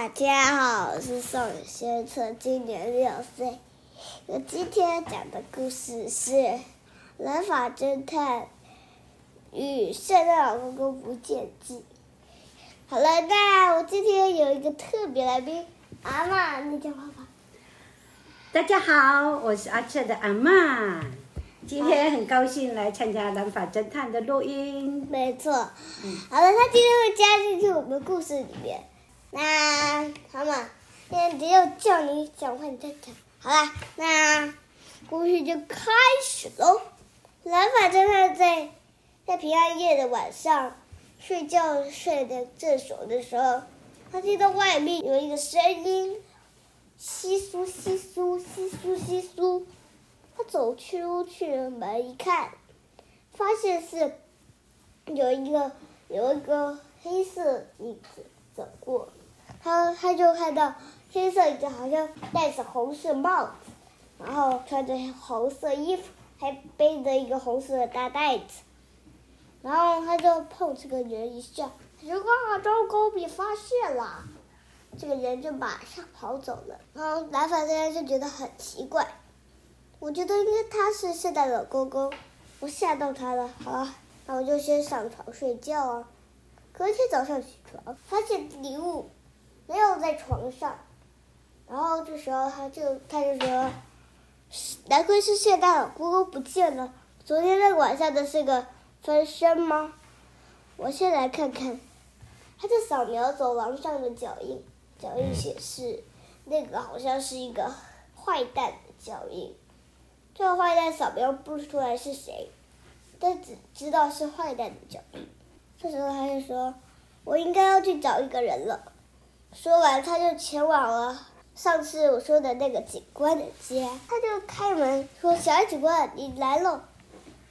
大家好，我是宋軒徹，今年六歲。我今天要講的故事是《藍髮偵探與聖誕老公公不見記》。好了，那我今天有一個特別來賓，阿嬤，你叫爸爸。大家好，我是阿徹的阿嬤，今天很高興來參加《藍髮偵探》的錄音。沒錯，好了，他今天會加進去我們故事裡面。那他們現在只有叫你講話，你再講好啦，那故事就開始嘍。藍髮偵探在在，在平安夜的晚上睡覺睡得正熟的時候，他聽到外面有一個聲音，窸窣窸窣窸窣窸窣、窸窣，他走出去了門一看，發現是有一個有一個黑色影子走過。他他就看到黑色，好像戴着紅色帽子，然後穿着紅色衣服，還背着一個紅色的大袋子，然後他就碰個這個人一下，結果糟糕，被發現了。這個人就馬上跑走了。然後藍髮這邊就覺得很奇怪，我覺得應該他是聖誕老公公，我嚇到他了。好了，那我就先上床睡覺啊。隔天早上起床發現禮物沒有在床上，然後這時候他就他就說：“是，難怪是聖誕老公公不見了，昨天那個晚上的是個分身嗎？我先來看看。”他在掃描走廊上的腳印，腳印顯示那個好像是一個壞蛋的腳印，這個壞蛋掃描不出來是誰，但只知道是壞蛋的腳印。這時候他就說：“我應該要去找一個人了。”說完，他就前往了上次我說的那個警官的家。他就開門說：“小愛警官，你來了。”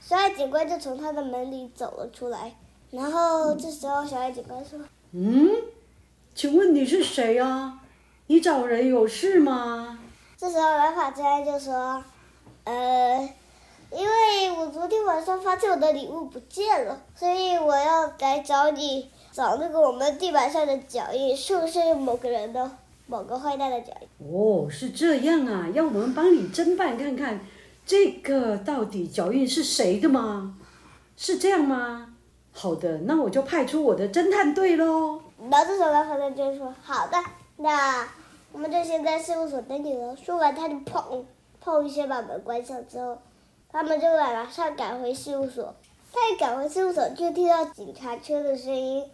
小愛警官就從他的門裡走了出來。然後這時候，小愛警官說：“嗯，請問你是誰呀、啊？你找人有事嗎？”這時候，藍髮偵探就說：“呃，因為我昨天晚上發現我的禮物不見了，所以我要來找你。”找那個我們地板上的腳印，是不是，是某個人的、某個壞蛋的腳印？「哦，是這樣啊，讓我們幫你偵辦看看，這個到底腳印是誰的嗎？是這樣嗎？好的，那我就派出我的偵探隊嘍。老偵探和偵探就說：“好的，那我們就先在事務所等你了。”說完，他就砰砰一下把門關上，之後他們就馬上趕回事務所。他一趕回事務所，就聽到警察車的聲音。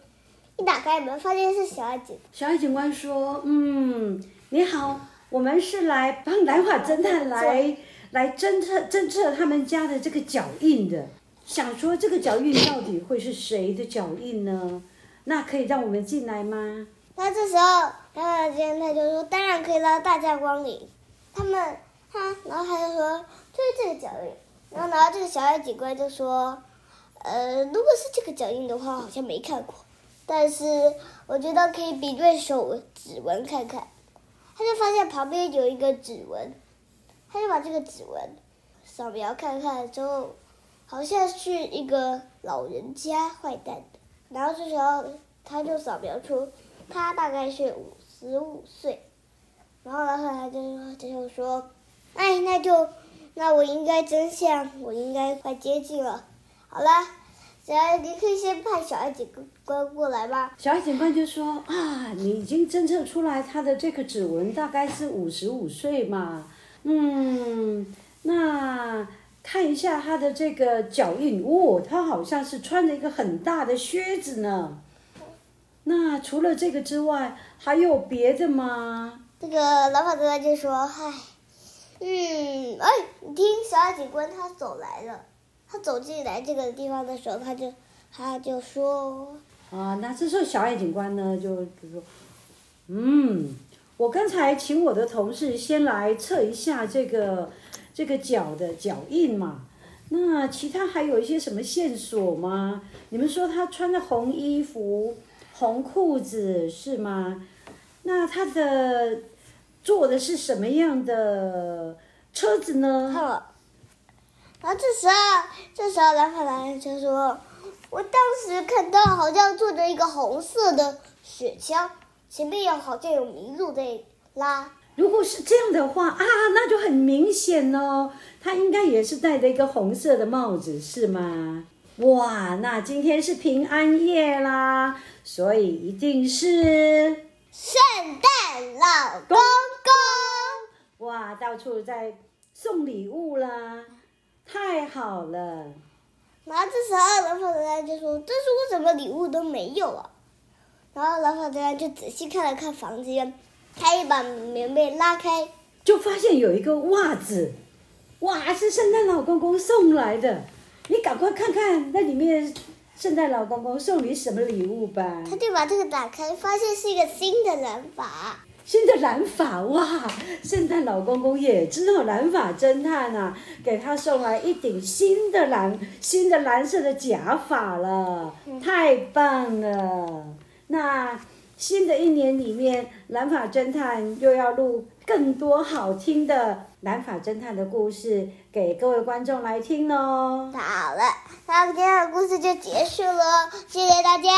一打開門，發現是小愛警。小愛警官說：“嗯，你好，我們是來幫藍髮偵探來來偵測偵測他們家的這個腳印的，想說這個腳印到底會是誰的腳印呢？那可以讓我們進來嗎？”那這時候藍髮偵探就說：“當然可以了，大駕光臨。”他們，他，然後他就說：“就是這個腳印。”然後然後這個小愛警官就說：“呃，如果是這個腳印的話，好像沒看過。”但是我覺得可以比對手指紋看看，他就發現旁邊有一個指紋，他就把這個指紋掃描看看之後，好像是一個老人家壞蛋的。然後這時候他就掃描出他大概是五十五歲，然後呢後來就他就說：“哎，那就那我應該真相，我應該快接近了。好啦”好了，小愛，你可以先派小愛姐哥。過來吧，小警官就說啊，你已經偵測出來他的這個指紋大概是五十五歲嘛，嗯，那看一下他的這個腳印，哦，他好像是穿着一個很大的靴子呢。那除了這個之外，還有別的嗎？這個老法官就說，嗨，嗯，哎，你聽，小警官他走來了，他走進來這個地方的時候，他就，他就說。啊，那這時候小愛警官呢，就就說，嗯，我剛才請我的同事先來測一下這個這個腳的腳印嘛。那其他還有一些什麼線索嗎？你們說他穿的紅衣服、紅褲子是嗎？那他的坐的是什麼樣的車子呢？啊，這時候這時候藍跑來人就說。我當時看到好像坐着一個紅色的雪橇，前面有好像有麋鹿在拉。如果是這樣的話啊，那就很明顯嘍。他應該也是戴着一個紅色的帽子，是嗎？哇，那今天是平安夜啦，所以一定是聖誕老公公。哇，到處在送禮物啦，太好了。然後這時候，魔法奶奶就說：“這是我什麼禮物都沒有啊！”然後魔法奶奶就仔細看了看房間，她一把棉被拉開，就發現有一個襪子，哇，是聖誕老公公送來的！你趕快看看那裡面，聖誕老公公送你什麼禮物吧！他就把這個打開，發現是一個新的魔法。新的藍髮哇！聖誕老公公也知道藍髮偵探啊，給他送來一頂新的藍、新的藍色的假髮了，太棒了！那新的一年裡面，藍髮偵探又要錄更多好聽的藍髮偵探的故事給各位觀眾來聽嘍。好了，那我們今天的故事就結束了，謝謝大家，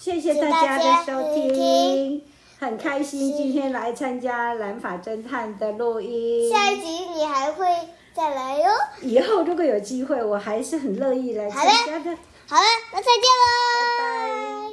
謝謝大家的收聽。很開心今天來參加《藍髮偵探》的錄音。下一集你還會再來喲。以後如果有機會，我還是很樂意來參加的。好了，那再見嘍，拜拜。